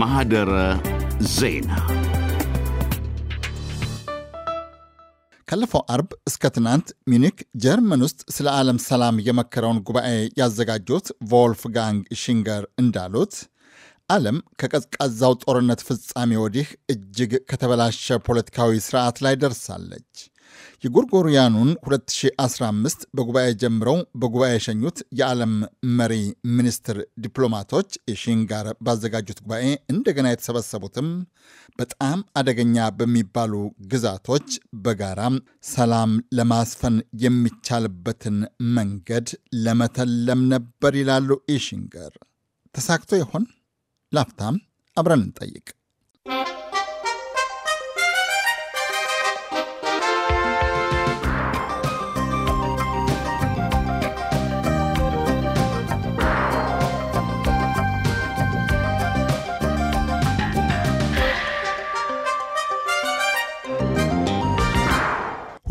ማህደረ ዜና ካለፈው አርብ እስከ ትናንት ሚኒክ ጀርመን ውስጥ ስለ ዓለም ሰላም የመከረውን ጉባኤ ያዘጋጁት ቮልፍጋንግ ሽንገር እንዳሉት ዓለም ከቀዝቃዛው ጦርነት ፍጻሜ ወዲህ እጅግ ከተበላሸ ፖለቲካዊ ስርዓት ላይ ደርሳለች። የጎርጎሪያኑን 2015 በጉባኤ ጀምረው በጉባኤ የሸኙት የዓለም መሪ ሚኒስትር ዲፕሎማቶች የሺን ጋር ባዘጋጁት ጉባኤ እንደገና የተሰበሰቡትም በጣም አደገኛ በሚባሉ ግዛቶች በጋራ ሰላም ለማስፈን የሚቻልበትን መንገድ ለመተለም ነበር ይላሉ ኢሽንገር። ተሳክቶ ይሆን? ላፍታም አብረን እንጠይቅ።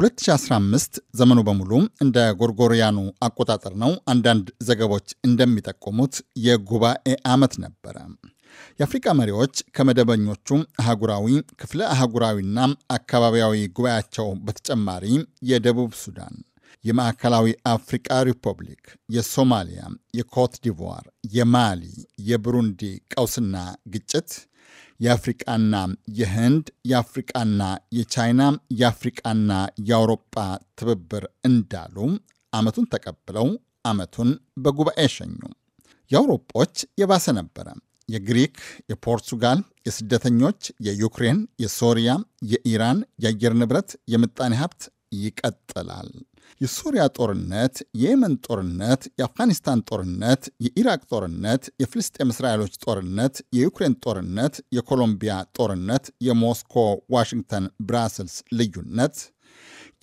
2015 ዘመኑ በሙሉ እንደ ጎርጎሪያኑ አቆጣጠር ነው። አንዳንድ ዘገቦች እንደሚጠቁሙት የጉባኤ ዓመት ነበረ። የአፍሪካ መሪዎች ከመደበኞቹ አህጉራዊ ክፍለ አህጉራዊና አካባቢያዊ ጉባኤያቸው በተጨማሪ የደቡብ ሱዳን፣ የማዕከላዊ አፍሪቃ ሪፐብሊክ፣ የሶማሊያ፣ የኮት ዲቮር፣ የማሊ፣ የብሩንዲ ቀውስና ግጭት የአፍሪቃና የህንድ፣ የአፍሪቃና የቻይና፣ የአፍሪቃና የአውሮፓ ትብብር እንዳሉ ዓመቱን ተቀብለው ዓመቱን በጉባኤ ሸኙ። የአውሮጶች የባሰ ነበረ። የግሪክ፣ የፖርቱጋል፣ የስደተኞች፣ የዩክሬን፣ የሶሪያ፣ የኢራን የአየር ንብረት፣ የምጣኔ ሀብት ይቀጥላል የሱሪያ ጦርነት፣ የየመን ጦርነት፣ የአፍጋኒስታን ጦርነት፣ የኢራቅ ጦርነት፣ የፍልስጤም እስራኤሎች ጦርነት፣ የዩክሬን ጦርነት፣ የኮሎምቢያ ጦርነት፣ የሞስኮ ዋሽንግተን ብራስልስ ልዩነት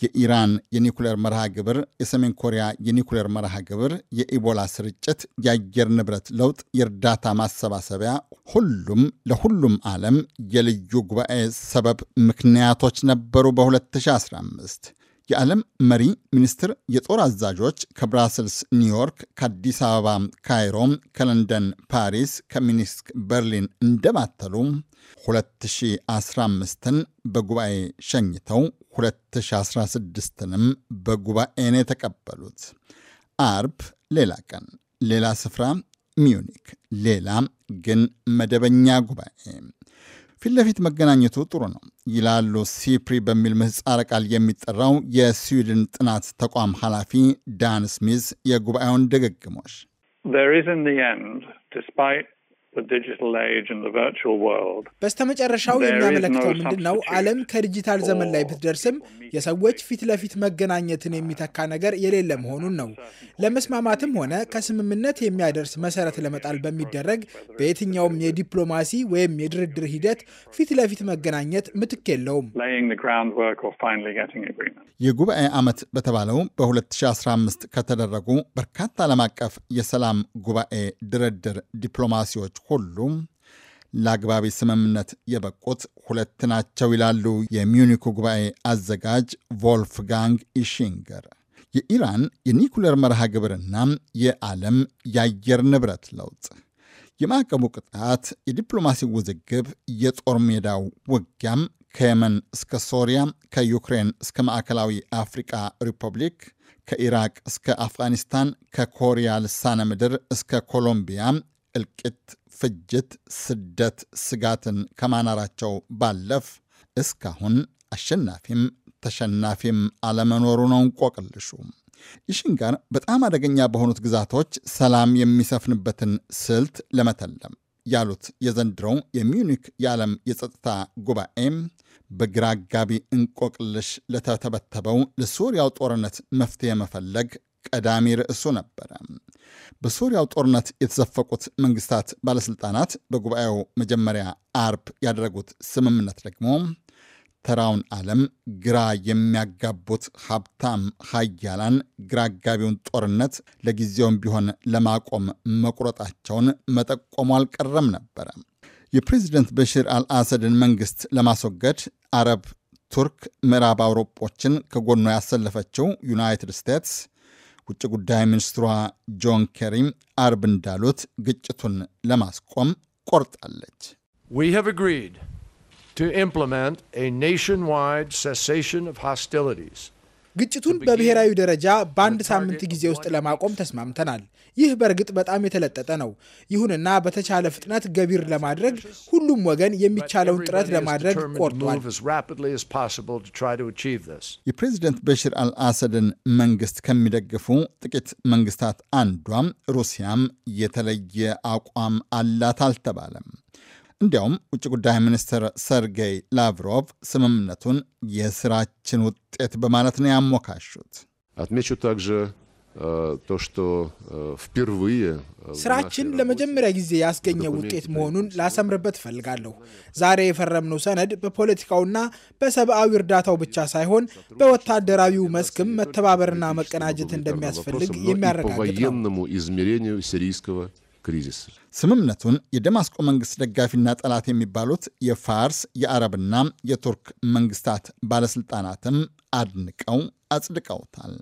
የኢራን የኒኩሌር መርሃ ግብር፣ የሰሜን ኮሪያ የኒኩሌር መርሃ ግብር፣ የኢቦላ ስርጭት፣ የአየር ንብረት ለውጥ፣ የእርዳታ ማሰባሰቢያ ሁሉም ለሁሉም ዓለም የልዩ ጉባኤ ሰበብ ምክንያቶች ነበሩ በ2015 የዓለም መሪ ሚኒስትር፣ የጦር አዛዦች ከብራስልስ ኒውዮርክ፣ ከአዲስ አበባ ካይሮ፣ ከለንደን ፓሪስ፣ ከሚኒስክ በርሊን እንደማተሉ 2015ን በጉባኤ ሸኝተው 2016ንም በጉባኤ ነው የተቀበሉት። አርብ ሌላ ቀን፣ ሌላ ስፍራ ሚዩኒክ፣ ሌላ ግን መደበኛ ጉባኤ ፊት ለፊት መገናኘቱ ጥሩ ነው ይላሉ ሲፕሪ በሚል ምህፃረ ቃል የሚጠራው የስዊድን ጥናት ተቋም ኃላፊ ዳን ስሚዝ የጉባኤውን ድግግሞሽ በስተመጨረሻው የሚያመለክተው ምንድን ነው? ዓለም ከዲጂታል ዘመን ላይ ብትደርስም የሰዎች ፊት ለፊት መገናኘትን የሚተካ ነገር የሌለ መሆኑን ነው። ለመስማማትም ሆነ ከስምምነት የሚያደርስ መሰረት ለመጣል በሚደረግ በየትኛውም የዲፕሎማሲ ወይም የድርድር ሂደት ፊት ለፊት መገናኘት ምትክ የለውም። የጉባኤ ዓመት በተባለው በ2015 ከተደረጉ በርካታ ዓለም አቀፍ የሰላም ጉባኤ ድርድር ዲፕሎማሲዎች ሁሉም ለአግባቢ ስምምነት የበቁት ሁለት ናቸው ይላሉ የሚዩኒኩ ጉባኤ አዘጋጅ ቮልፍጋንግ ኢሽንገር። የኢራን የኒኩሌር መርሃ ግብርና የዓለም የአየር ንብረት ለውጥ፣ የማዕቀቡ ቅጣት፣ የዲፕሎማሲ ውዝግብ፣ የጦር ሜዳው ውጊያም ከየመን እስከ ሶሪያ፣ ከዩክሬን እስከ ማዕከላዊ አፍሪቃ ሪፐብሊክ፣ ከኢራቅ እስከ አፍጋኒስታን፣ ከኮሪያ ልሳነ ምድር እስከ ኮሎምቢያ እልቂት፣ ፍጅት፣ ስደት ስጋትን ከማናራቸው ባለፍ እስካሁን አሸናፊም ተሸናፊም አለመኖሩ ነው እንቆቅልሹ። ይሽንጋር በጣም አደገኛ በሆኑት ግዛቶች ሰላም የሚሰፍንበትን ስልት ለመተለም ያሉት የዘንድሮው የሚዩኒክ የዓለም የጸጥታ ጉባኤም በግራ አጋቢ እንቆቅልሽ ለተተበተበው ለሱሪያው ጦርነት መፍትሄ መፈለግ ቀዳሚ ርዕሱ ነበረ። በሶሪያው ጦርነት የተዘፈቁት መንግስታት ባለሥልጣናት በጉባኤው መጀመሪያ አርብ ያደረጉት ስምምነት ደግሞ ተራውን ዓለም ግራ የሚያጋቡት ሀብታም ሀያላን ግራ አጋቢውን ጦርነት ለጊዜውም ቢሆን ለማቆም መቁረጣቸውን መጠቆሙ አልቀረም ነበረ። የፕሬዚደንት በሽር አልአሰድን መንግስት ለማስወገድ አረብ ቱርክ፣ ምዕራብ አውሮጶችን ከጎኗ ያሰለፈችው ዩናይትድ ስቴትስ ውጭ ጉዳይ ሚኒስትሯ ጆን ኬሪ አርብ እንዳሉት ግጭቱን ለማስቆም ቆርጣለች። ግጭቱን በብሔራዊ ደረጃ በአንድ ሳምንት ጊዜ ውስጥ ለማቆም ተስማምተናል። ይህ በእርግጥ በጣም የተለጠጠ ነው። ይሁንና በተቻለ ፍጥነት ገቢር ለማድረግ ሁሉም ወገን የሚቻለውን ጥረት ለማድረግ ቆርጧል። የፕሬዚደንት በሽር አልአሰድን መንግስት ከሚደግፉ ጥቂት መንግስታት አንዷም ሩሲያም የተለየ አቋም አላት አልተባለም። እንዲያውም ውጭ ጉዳይ ሚኒስትር ሰርጌይ ላቭሮቭ ስምምነቱን የስራችን ውጤት በማለት ነው ያሞካሹት። Э, э, э, ስራችን ለመጀመሪያ ጊዜ ያስገኘ ውጤት መሆኑን ላሰምርበት እፈልጋለሁ። ዛሬ የፈረምነው ሰነድ በፖለቲካውና በሰብአዊ እርዳታው ብቻ ሳይሆን በወታደራዊው መስክም መተባበርና መቀናጀት እንደሚያስፈልግ የሚያረጋግጥ ነው። ስምምነቱን የደማስቆ መንግስት ደጋፊና ጠላት የሚባሉት የፋርስ የአረብና የቱርክ መንግስታት ባለስልጣናትም አድንቀው አጽድቀውታል።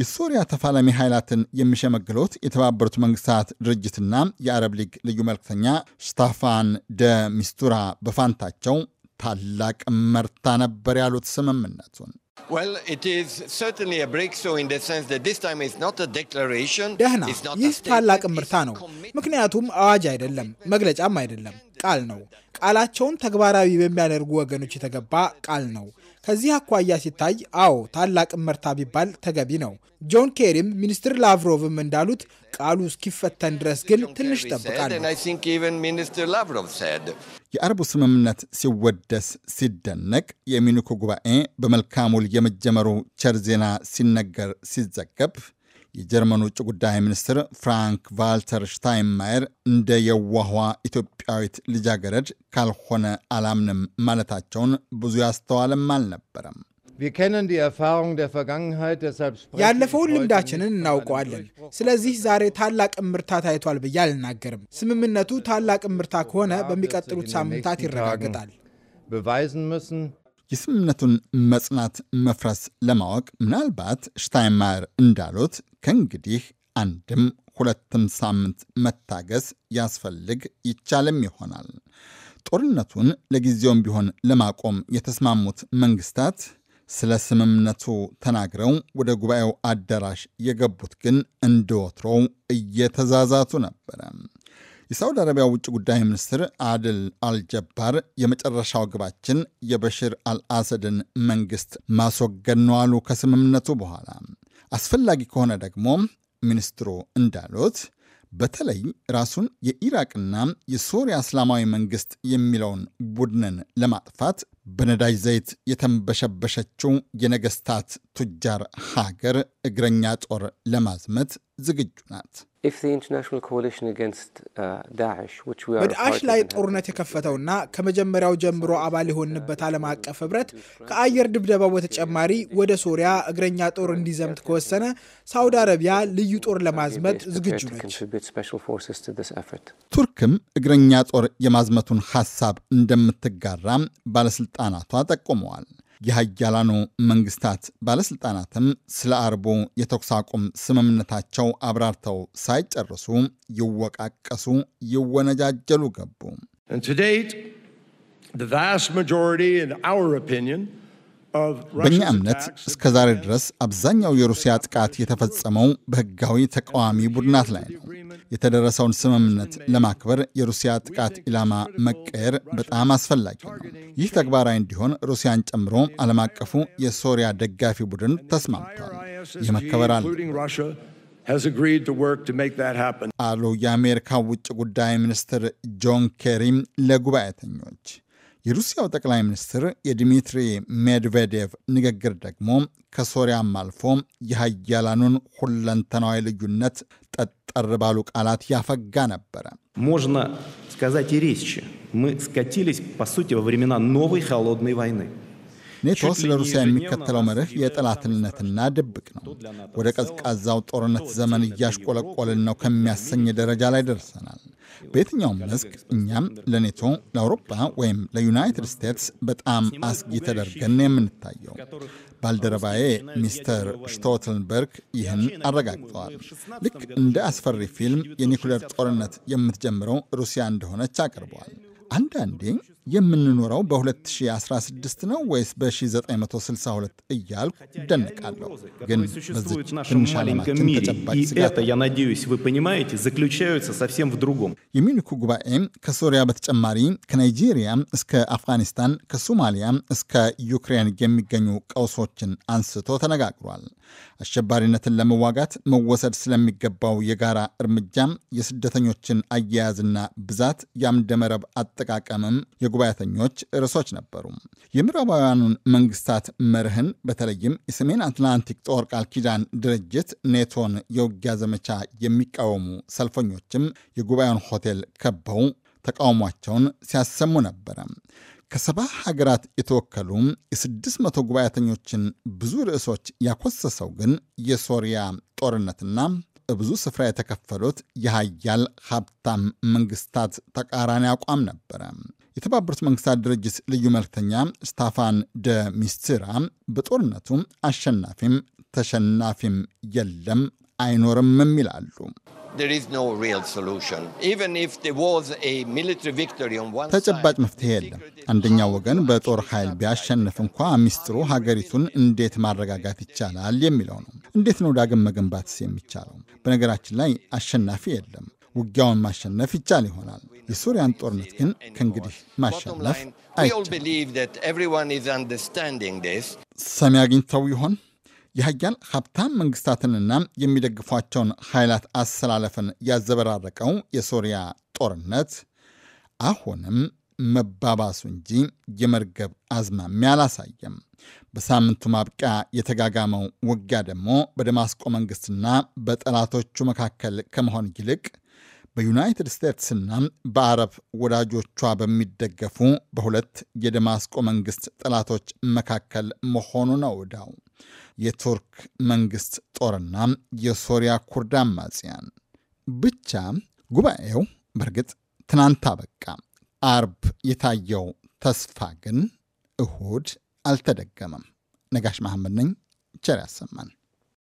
የሶሪያ ተፋላሚ ኃይላትን የሚሸመግሉት የተባበሩት መንግስታት ድርጅትና የአረብ ሊግ ልዩ መልክተኛ ስታፋን ደ ሚስቱራ በፋንታቸው ታላቅ መርታ ነበር ያሉት ስምምነቱን። ደህና ይህ ታላቅ ምርታ ነው። ምክንያቱም አዋጅ አይደለም፣ መግለጫም አይደለም። ቃል ነው። ቃላቸውን ተግባራዊ በሚያደርጉ ወገኖች የተገባ ቃል ነው። ከዚህ አኳያ ሲታይ አዎ ታላቅ እመርታ ቢባል ተገቢ ነው። ጆን ኬሪም ሚኒስትር ላቭሮቭም እንዳሉት ቃሉ እስኪፈተን ድረስ ግን ትንሽ ይጠብቃል። የአረቡ ስምምነት ሲወደስ ሲደነቅ፣ የሚኒኩ ጉባኤ በመልካሙል የመጀመሩ ቸር ዜና ሲነገር ሲዘገብ የጀርመን ውጭ ጉዳይ ሚኒስትር ፍራንክ ቫልተር ሽታይንማየር እንደ የዋህዋ ኢትዮጵያዊት ልጃገረድ ካልሆነ አላምንም ማለታቸውን ብዙ ያስተዋልም አልነበረም። ያለፈውን ልምዳችንን እናውቀዋለን። ስለዚህ ዛሬ ታላቅ እምርታ ታይቷል ብዬ አልናገርም። ስምምነቱ ታላቅ እምርታ ከሆነ በሚቀጥሉት ሳምንታት ይረጋገጣል። የስምምነቱን መጽናት መፍረስ ለማወቅ ምናልባት ሽታይንማየር እንዳሉት ከእንግዲህ አንድም ሁለትም ሳምንት መታገስ ያስፈልግ ይቻልም ይሆናል። ጦርነቱን ለጊዜውም ቢሆን ለማቆም የተስማሙት መንግስታት ስለ ስምምነቱ ተናግረው ወደ ጉባኤው አዳራሽ የገቡት ግን እንደወትሮው እየተዛዛቱ ነበረ። የሳውዲ አረቢያ ውጭ ጉዳይ ሚኒስትር አድል አልጀባር የመጨረሻው ግባችን የበሽር አልአሰድን መንግስት ማስወገድ ነው አሉ። ከስምምነቱ በኋላ አስፈላጊ ከሆነ ደግሞ ሚኒስትሩ እንዳሉት በተለይ ራሱን የኢራቅና የሶሪያ እስላማዊ መንግስት የሚለውን ቡድንን ለማጥፋት በነዳጅ ዘይት የተንበሸበሸችው የነገስታት ቱጃር ሀገር እግረኛ ጦር ለማዝመት ዝግጁ ናት። uh, በዳዕሽ ላይ ጦርነት የከፈተውና ከመጀመሪያው ጀምሮ አባል የሆንበት ዓለም አቀፍ ህብረት ከአየር ድብደባው በተጨማሪ ወደ ሶሪያ እግረኛ ጦር እንዲዘምት ከወሰነ ሳውዲ አረቢያ ልዩ ጦር ለማዝመት ዝግጁ ነች። ቱርክም እግረኛ ጦር የማዝመቱን ሀሳብ እንደምትጋራም ባለስልጣ ባለሥልጣናቷ ጠቁመዋል። የሀያላኑ መንግስታት ባለሥልጣናትም ስለ አርቡ የተኩስ አቁም ስምምነታቸው አብራርተው ሳይጨርሱ ይወቃቀሱ፣ ይወነጃጀሉ ገቡ። በእኛ እምነት እስከ ዛሬ ድረስ አብዛኛው የሩሲያ ጥቃት የተፈጸመው በሕጋዊ ተቃዋሚ ቡድናት ላይ ነው። የተደረሰውን ስምምነት ለማክበር የሩሲያ ጥቃት ኢላማ መቀየር በጣም አስፈላጊ ነው። ይህ ተግባራዊ እንዲሆን ሩሲያን ጨምሮ ዓለም አቀፉ የሶሪያ ደጋፊ ቡድን ተስማምቷል። ይህ መከበር አለ አሉ የአሜሪካ ውጭ ጉዳይ ሚኒስትር ጆን ኬሪም ለጉባኤተኞች። የሩሲያው ጠቅላይ ሚኒስትር የድሚትሪ ሜድቬዴቭ ንግግር ደግሞ ከሶሪያም አልፎ የሀያላኑን ሁለንተናዊ ልዩነት ጠጠር ባሉ ቃላት ያፈጋ ነበረ። можно сказать и резче. Мы скатились, по сути, во времена новой холодной войны. ኔቶ ስለ ሩሲያ የሚከተለው መርህ የጠላትነትና ድብቅ ነው። ወደ ቀዝቃዛው ጦርነት ዘመን እያሽቆለቆልን ነው ከሚያሰኝ ደረጃ ላይ ደርሰናል። በየትኛውም መስክ እኛም ለኔቶ ለአውሮፓ ወይም ለዩናይትድ ስቴትስ በጣም አስጊ ተደርገን የምንታየው። ባልደረባዬ ሚስተር ሽቶተንበርግ ይህን አረጋግጠዋል። ልክ እንደ አስፈሪ ፊልም የኒኩሌር ጦርነት የምትጀምረው ሩሲያ እንደሆነች አቅርበዋል። አንዳንዴ የምንኖረው በ2016 ነው ወይስ በ1962 እያልኩ ደንቃለሁ። ግን በዚች ትንሽ ዓለማችን ተጨባጭ ስጋት የሚኒኩ ጉባኤ ከሶሪያ በተጨማሪ ከናይጄሪያ እስከ አፍጋኒስታን፣ ከሶማሊያ እስከ ዩክሬን የሚገኙ ቀውሶችን አንስቶ ተነጋግሯል። አሸባሪነትን ለመዋጋት መወሰድ ስለሚገባው የጋራ እርምጃም፣ የስደተኞችን አያያዝና ብዛት፣ የአምደመረብ አጠቃቀምም ጉባኤተኞች ርዕሶች ነበሩ። የምዕራባውያኑን መንግስታት መርህን በተለይም የሰሜን አትላንቲክ ጦር ቃል ኪዳን ድርጅት ኔቶን የውጊያ ዘመቻ የሚቃወሙ ሰልፈኞችም የጉባኤውን ሆቴል ከበው ተቃውሟቸውን ሲያሰሙ ነበረ። ከሰባ ሀገራት የተወከሉ የስድስት መቶ ጉባኤተኞችን ብዙ ርዕሶች ያኮሰሰው ግን የሶሪያ ጦርነትና ብዙ ስፍራ የተከፈሉት የሀያል ሀብታም መንግስታት ተቃራኒ አቋም ነበረ። የተባበሩት መንግስታት ድርጅት ልዩ መልክተኛ ስታፋን ደ ሚስትራ በጦርነቱ አሸናፊም ተሸናፊም የለም አይኖርም ይላሉ። ተጨባጭ መፍትሄ የለም። አንደኛው ወገን በጦር ኃይል ቢያሸንፍ እንኳ ሚስጥሩ ሀገሪቱን እንዴት ማረጋጋት ይቻላል የሚለው ነው። እንዴት ነው ዳግም መገንባትስ የሚቻለው? በነገራችን ላይ አሸናፊ የለም። ውጊያውን ማሸነፍ ይቻል ይሆናል የሱሪያን ጦርነት ግን ከእንግዲህ ማሸነፍ አይቻልም። ሰሚ አግኝተው ይሆን? የሀያል ሀብታም መንግስታትንና የሚደግፏቸውን ኃይላት አሰላለፍን ያዘበራረቀው የሶሪያ ጦርነት አሁንም መባባሱ እንጂ የመርገብ አዝማሚያ አላሳየም። በሳምንቱ ማብቂያ የተጋጋመው ውጊያ ደግሞ በደማስቆ መንግስትና በጠላቶቹ መካከል ከመሆን ይልቅ በዩናይትድ ስቴትስና በአረብ ወዳጆቿ በሚደገፉ በሁለት የደማስቆ መንግስት ጠላቶች መካከል መሆኑ ነው ዕዳው። የቱርክ መንግስት ጦርና የሶሪያ ኩርድ አማጽያን። ብቻ ጉባኤው በእርግጥ ትናንት አበቃ። አርብ የታየው ተስፋ ግን እሁድ አልተደገመም። ነጋሽ መሐመድ ነኝ። ቸር ያሰማን።